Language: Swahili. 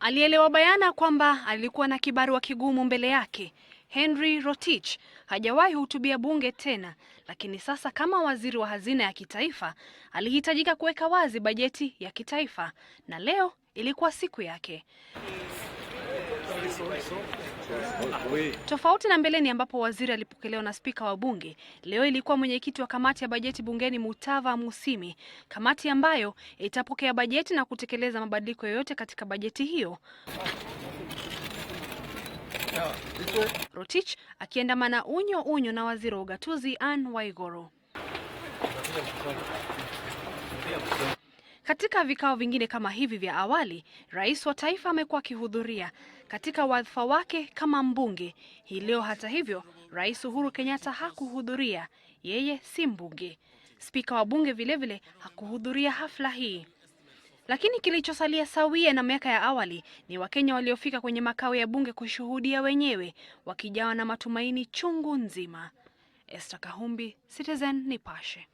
alielewa bayana kwamba alikuwa na kibarua kigumu mbele yake. Henry Rotich hajawahi hutubia bunge tena, lakini sasa kama waziri wa hazina ya kitaifa alihitajika kuweka wazi bajeti ya kitaifa na leo ilikuwa siku yake. Tofauti na mbeleni ambapo waziri alipokelewa na spika wa bunge, leo ilikuwa mwenyekiti wa kamati ya bajeti bungeni Mutava Musimi, kamati ambayo itapokea bajeti na kutekeleza mabadiliko yoyote katika bajeti hiyo. Rotich akiandamana unyo unyo na waziri wa ugatuzi Ann waigoro katika vikao vingine kama hivi vya awali, rais wa taifa amekuwa akihudhuria katika wadhifa wake kama mbunge. Hii leo, hata hivyo, Rais Uhuru Kenyatta hakuhudhuria, yeye si mbunge. Spika wa bunge vilevile vile hakuhudhuria hafla hii. Lakini kilichosalia sawia na miaka ya awali ni Wakenya waliofika kwenye makao ya bunge kushuhudia wenyewe, wakijawa na matumaini chungu nzima. Esther Kahumbi, Citizen Nipashe.